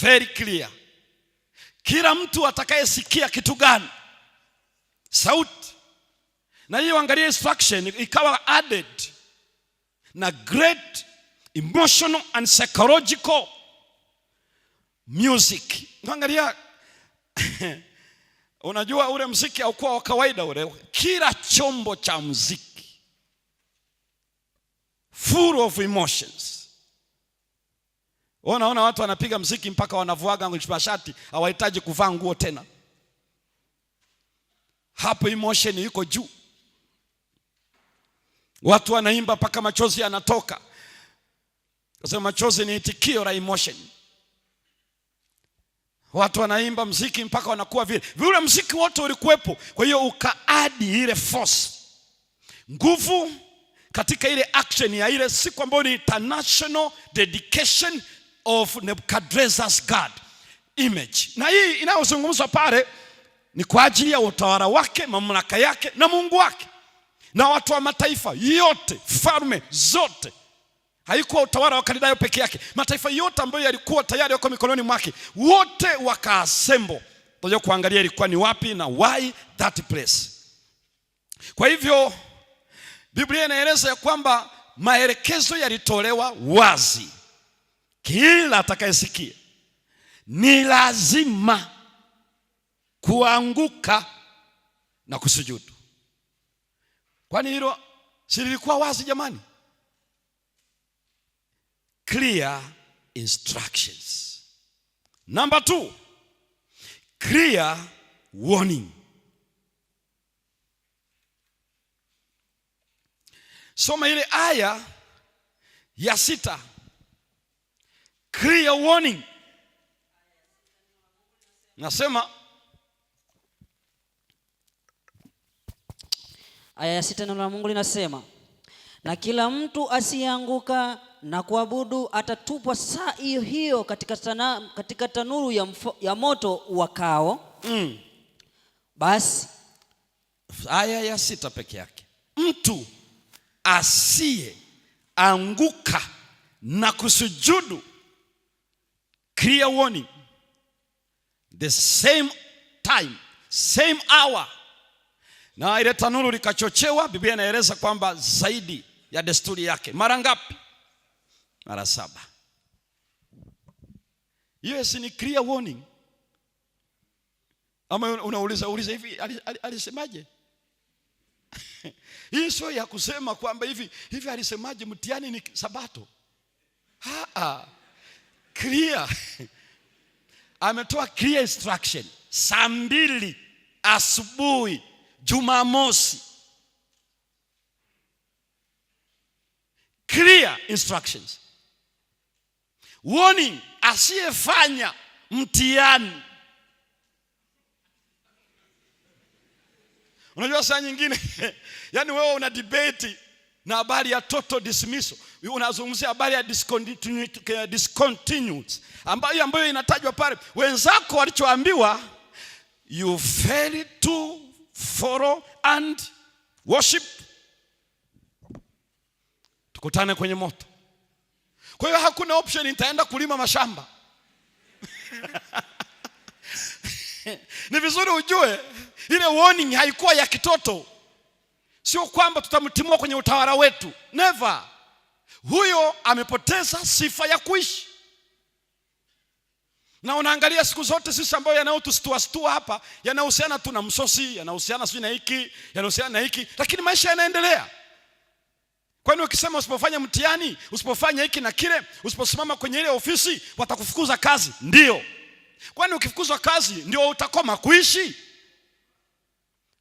very clear. Kila mtu atakayesikia kitu gani, sauti na hiyo, angalia instruction ikawa added na great emotional and psychological music. Angalia unajua ule mziki haukuwa wa kawaida ule. Kila chombo cha mziki full of emotions wewe unaona watu wanapiga mziki mpaka wanavuaga mashati, hawahitaji kuvaa nguo tena. Hapo emotion iko juu, watu wanaimba mpaka machozi yanatoka. Nasema machozi ni itikio la emotion. Watu wanaimba mziki mpaka wanakuwa vile vile, mziki wote ulikuwepo. Kwa hiyo ukaadi ile force, nguvu katika ile action ya ile siku ambayo ni international dedication of Nebuchadrezzar's God image. Na hii inayozungumzwa pale ni kwa ajili ya utawala wake, mamlaka yake na Mungu wake na watu wa mataifa yote, falme zote. Haikuwa utawala wa Kalidayo peke yake, mataifa yote ambayo yalikuwa tayari yako mikononi mwake, wote wakaasembo toja kuangalia ilikuwa ni wapi na why that place. Kwa hivyo Biblia inaeleza ya kwamba maelekezo yalitolewa wazi kila atakayesikia ni lazima kuanguka na kusujudu. Kwani hilo si lilikuwa wazi jamani? Clear instructions. Number two, clear warning. Soma ile aya ya sita clear warning. Nasema aya ya sita, neno la Mungu linasema na kila mtu asiyeanguka na kuabudu atatupwa saa hiyo hiyo katika, sana, katika tanuru ya, mfo, ya moto wakao. Mm. Basi aya ya sita peke yake, mtu asiyeanguka na kusujudu clear warning. The same time, same hour, na ile tanuru likachochewa. Biblia inaeleza kwamba zaidi ya desturi yake mara ngapi? Mara saba. Hiyo ni clear warning? Ama unauliza uliza hivi alisemaje? Hii sio ya kusema kwamba hivi hivi alisemaje, mtihani ni Sabato. Haa clear ametoa clear instruction saa mbili asubuhi Jumamosi, clear instructions. Warning, asiyefanya mtihani. Unajua saa nyingine yani wewe una debate na habari ya total dismissal, unazungumzia habari ya eh, discontinued ambayo, ambayo inatajwa pale, wenzako walichoambiwa you failed to follow and worship, tukutane kwenye moto. Kwa hiyo hakuna option, nitaenda kulima mashamba ni vizuri ujue ile warning haikuwa ya kitoto Sio kwamba tutamtimua kwenye utawala wetu, never. Huyo amepoteza sifa ya kuishi. Na unaangalia siku zote sisi ambayo yanayotustuastua hapa yanahusiana tu na msosi, yanahusiana sijui na hiki, yanahusiana na hiki, lakini maisha yanaendelea. Kwa nini ukisema usipofanya mtihani, usipofanya hiki na kile, usiposimama kwenye ile ofisi watakufukuza kazi, ndio? Kwani ukifukuzwa kazi ndio utakoma kuishi?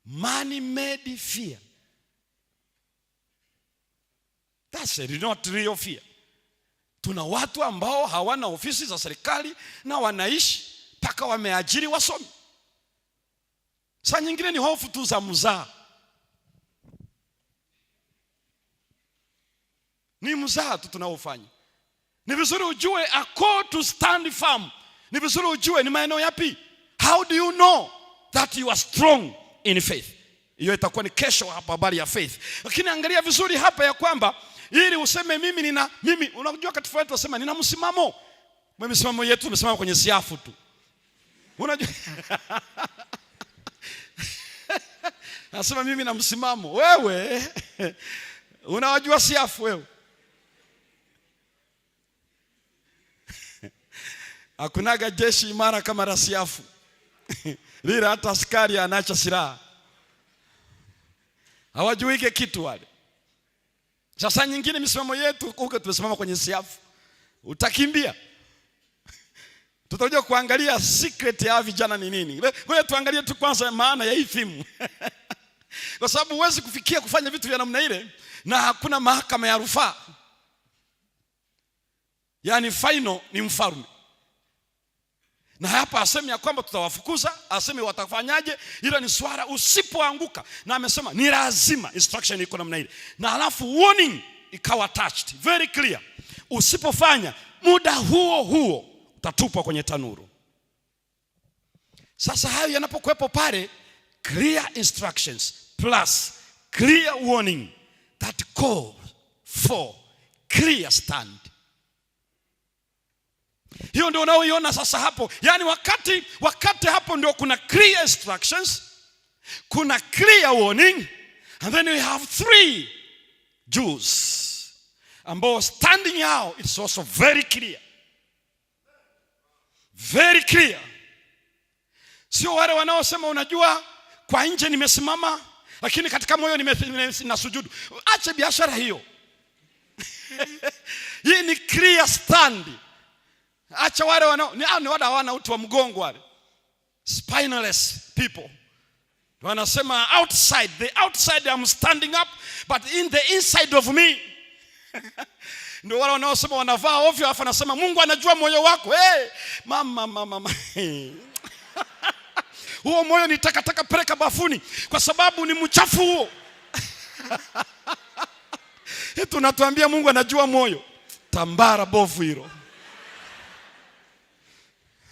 Money made fear That shall not real fear. Tuna watu ambao hawana ofisi za serikali na wanaishi mpaka wameajiri wasomi. Saa nyingine ni hofu tu za mzaa, ni mzaa tu tunaofanya. Ni vizuri ujue a call to stand firm. Ni vizuri ujue ni maeneo yapi. How do you know that you are strong in faith? Hiyo itakuwa ni kesho hapa, habari ya faith. Lakini angalia vizuri hapa ya kwamba ili useme mimi nina mimi. Unajua katifa yetu wasema nina msimamo. Misimamo yetu tumesimama kwenye siafu tu, unajua nasema mimi na msimamo. Wewe unawajua siafu wewe? Hakunaga jeshi imara kama la siafu lila, hata askari anaacha silaha, hawajuike kitu wale sasa nyingine misimamo yetu huko tumesimama kwenye siafu. Utakimbia. Tutakuja kuangalia secret ya vijana ni nini. Ngoja tuangalie tu kwanza maana ya hii Kwa sababu huwezi kufikia kufanya vitu vya namna ile na hakuna mahakama ya rufaa. Yaani final ni mfalme na hapa asemi ya kwamba tutawafukuza, asemi watafanyaje, ila ni swala usipoanguka, na amesema ni lazima. Instruction iko namna ile, na alafu warning ikawa attached very clear, usipofanya muda huo huo utatupwa kwenye tanuru. Sasa hayo yanapokuwepo pale, clear instructions plus clear warning that call for clear stand hiyo ndio unaoiona sasa hapo, yaani wakati wakati hapo ndio kuna clear instructions, kuna clear warning and then we have three Jews ambao standing out, it's also very clear, very clear. Sio wale wanaosema unajua, kwa nje nimesimama, lakini katika moyo sujudu Ache biashara hiyo hii ni clear standing Acha wale wanao ni wale hawana uti wa mgongo, wale spineless people wanasema outside the outside I'm standing up but in the inside of me ndio wale wanaosema wanavaa ovyo, afa anasema Mungu anajua moyo wako. Hey, mama mama huo moyo ni takataka, peleka bafuni, kwa sababu ni mchafu huo. Tunatuambia Mungu anajua moyo, tambara bovu hilo.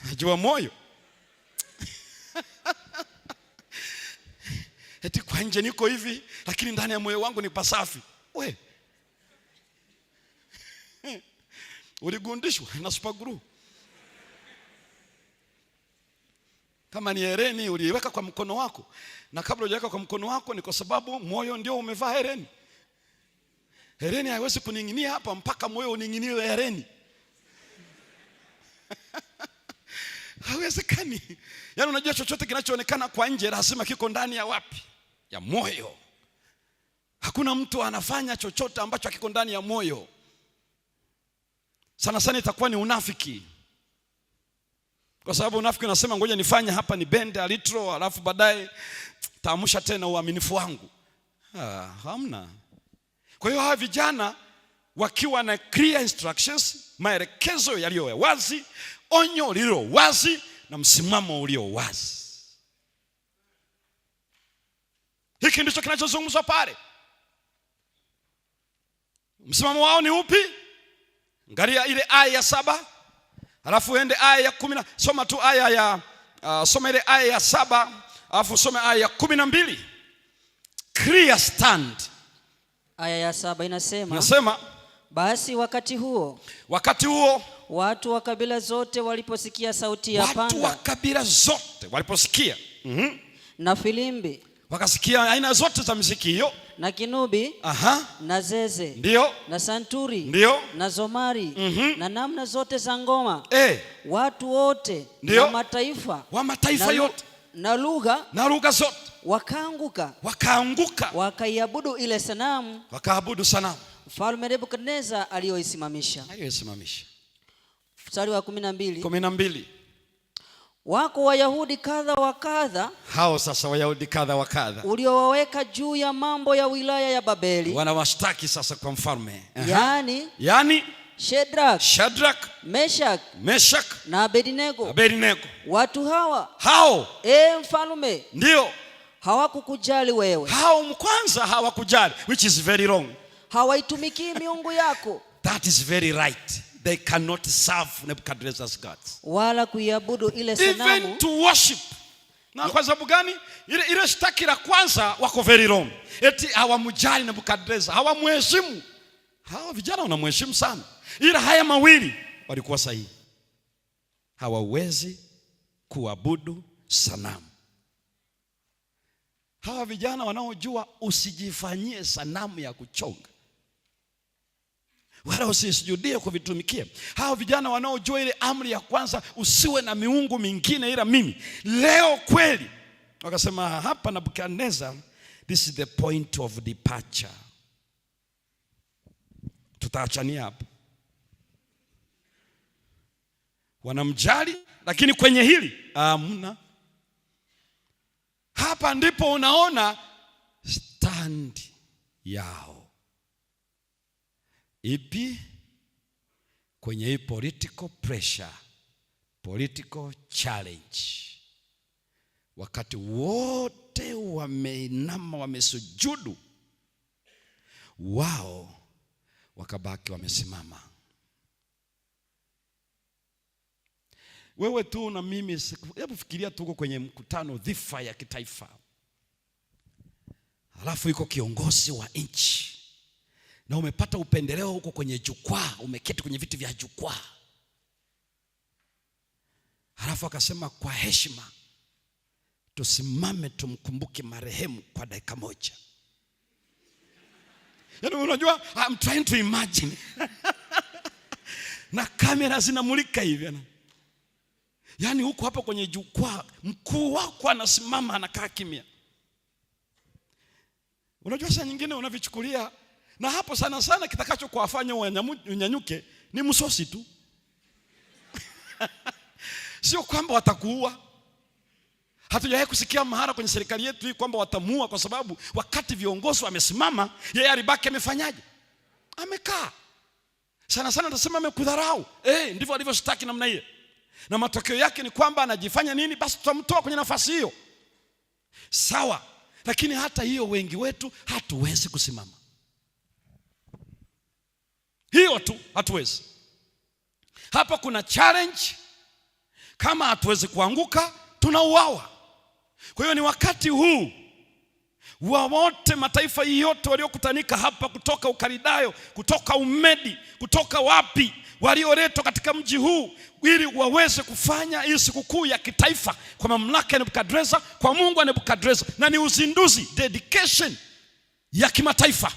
Najua moyo eti kwa nje niko hivi, lakini ndani ya moyo wangu ni pasafi. We uligundishwa na super Kama ni hereni uliweka kwa mkono wako, na kabla hujaweka kwa mkono wako ni kwa sababu moyo ndio umevaa hereni. Hereni haiwezi kuning'inia hapa mpaka moyo uning'iniwe hereni. Hawezekani. Yaani unajua chochote kinachoonekana kwa nje lazima kiko ndani ya wapi? Ya moyo. Hakuna mtu anafanya chochote ambacho hakiko ndani ya moyo. Sana sana itakuwa ni unafiki. Kwa sababu unafiki unasema ngoja nifanye hapa ni bend a little alafu baadaye taamsha tena uaminifu wangu. Ah, hamna. Kwa hiyo hawa vijana wakiwa na clear instructions, maelekezo yaliyo wazi, onyo lililo wazi na msimamo ulio wazi. Hiki ndicho kinachozungumzwa pale. Msimamo wao ni upi? Angalia ile aya ya saba alafu ende aya ya kumi na soma tu aya ya uh, soma ile aya ya saba alafu soma aya ya kumi na mbili Clear stand. Aya ya saba inasema, inasema basi wakati huo, wakati huo Watu wa kabila zote waliposikia sauti ya panga, watu wa kabila zote waliposikia mm -hmm. na filimbi wakasikia aina zote za muziki hiyo na kinubi Aha. na zeze ndio na santuri ndio na zomari mm -hmm. na namna zote za ngoma eh. watu wote ndio na mataifa wa mataifa yote na lugha na lugha zote wakaanguka wakaanguka wakaiabudu ile sanamu wakaabudu sanamu Mfalme Nebukadneza aliyoisimamisha aliyoisimamisha mstari wa kumi na mbili kumi na mbili wako Wayahudi kadha wa kadha, hao sasa Wayahudi kadha wa kadha uliowaweka juu ya mambo ya wilaya ya Babeli, wanawashtaki sasa kwa mfalme yani, yani Shadrach, Shadrach, Meshach, Meshach na Abednego, Abednego. Watu hawa hao, e mfalme, ndio hawakukujali wewe, hao kwanza hawakujali, which is very wrong. Hawaitumikii miungu yako, that is very right they cannot serve Nebuchadnezzar's gods. Wala kuiabudu ile sanamu. Even to worship. Na kwa sababu gani? Ile ile shtaki la kwanza wako very wrong. Eti hawamjali Nebukadnezar, hawamheshimu. Hawa vijana wanamheshimu sana. Ila haya mawili walikuwa sahihi. Hawawezi kuabudu sanamu. Hawa vijana wanaojua usijifanyie sanamu ya kuchonga wala usisujudie kuvitumikia. Hao vijana wanaojua ile amri ya kwanza, usiwe na miungu mingine ila mimi, leo kweli wakasema hapa Nabukadnezar, this is the point of departure. Tutaachania hapa. Wanamjali, lakini kwenye hili amna Hapa ndipo unaona standi yao ipi? Kwenye hii political pressure, political challenge, wakati wote wameinama, wamesujudu, wao wakabaki wamesimama. Wewe tu na mimi, hebu fikiria, tuko kwenye mkutano dhifa ya kitaifa, halafu iko kiongozi wa nchi na umepata upendeleo huko kwenye jukwaa, umeketi kwenye viti vya jukwaa. Halafu akasema kwa heshima, tusimame tumkumbuke marehemu kwa dakika moja. Yaani, unajua I'm trying to imagine na kamera zinamulika hivi, yaani. yaani huko hapo kwenye jukwaa, mkuu wako anasimama anakaa kimya. Unajua saa nyingine unavichukulia na hapo sana sana kitakacho kuwafanya unyanyuke ni msosi tu sio kwamba watakuua. Hatujawahi kusikia mahara kwenye serikali yetu hii kwamba watamuua, kwa sababu wakati viongozi wamesimama, yeye alibaki amefanyaje? Amekaa. Sana sana atasema amekudharau. Eh, ndivyo alivyoshtaki namna hiyo, na matokeo yake ni kwamba anajifanya nini? Basi tutamtoa kwenye nafasi hiyo, sawa. Lakini hata hiyo wengi wetu hatuwezi kusimama hiyo tu hatuwezi. Hapa kuna challenge. Kama hatuwezi kuanguka, tunauawa. Kwa hiyo ni wakati huu wa wote mataifa yote waliokutanika hapa, kutoka Ukaridayo, kutoka Umedi, kutoka wapi, walioletwa katika mji huu ili waweze kufanya hii sikukuu ya kitaifa kwa mamlaka ya Nebukadreza, kwa Mungu wa Nebukadreza, na ni uzinduzi dedication ya kimataifa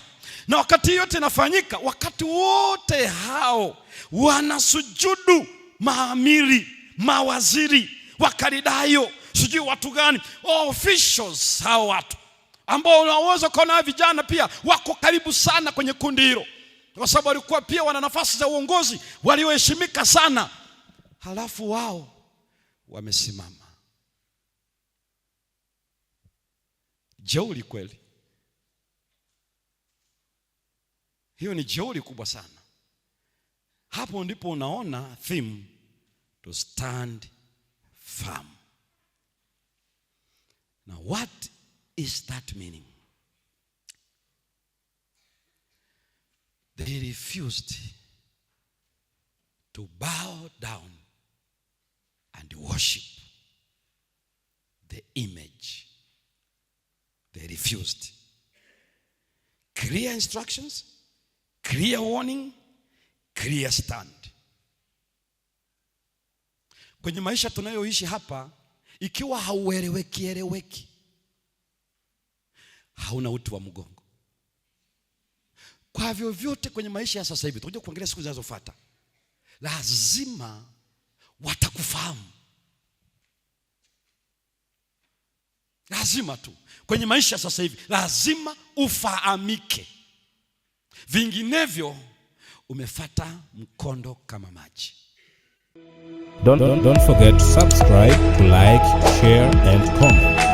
na wakati yote inafanyika, wakati wote hao wanasujudu maamiri, mawaziri, wakaridayo, sijui watu gani, oh, officials, hao watu ambao unaweza ukaona vijana pia wako karibu sana kwenye kundi hilo, kwa sababu walikuwa pia wana nafasi za uongozi walioheshimika sana. Halafu wao wamesimama jeuri kweli Hiyo ni jeuri kubwa sana. Hapo ndipo unaona theme to stand firm. Now what is that meaning? They refused to bow down and worship the image. They refused. Clear instructions clear warning, clear stand. Kwenye maisha tunayoishi hapa, ikiwa haueleweki eleweki, hauna utu wa mgongo. Kwa vyovyote kwenye maisha ya sasa hivi, tutakuja kuangalia siku zinazofuata, lazima watakufahamu, lazima tu kwenye maisha ya sasa hivi lazima ufahamike vinginevyo umefata mkondo kama maji. Don't, don't, don't forget to subscribe, to like, share and comment.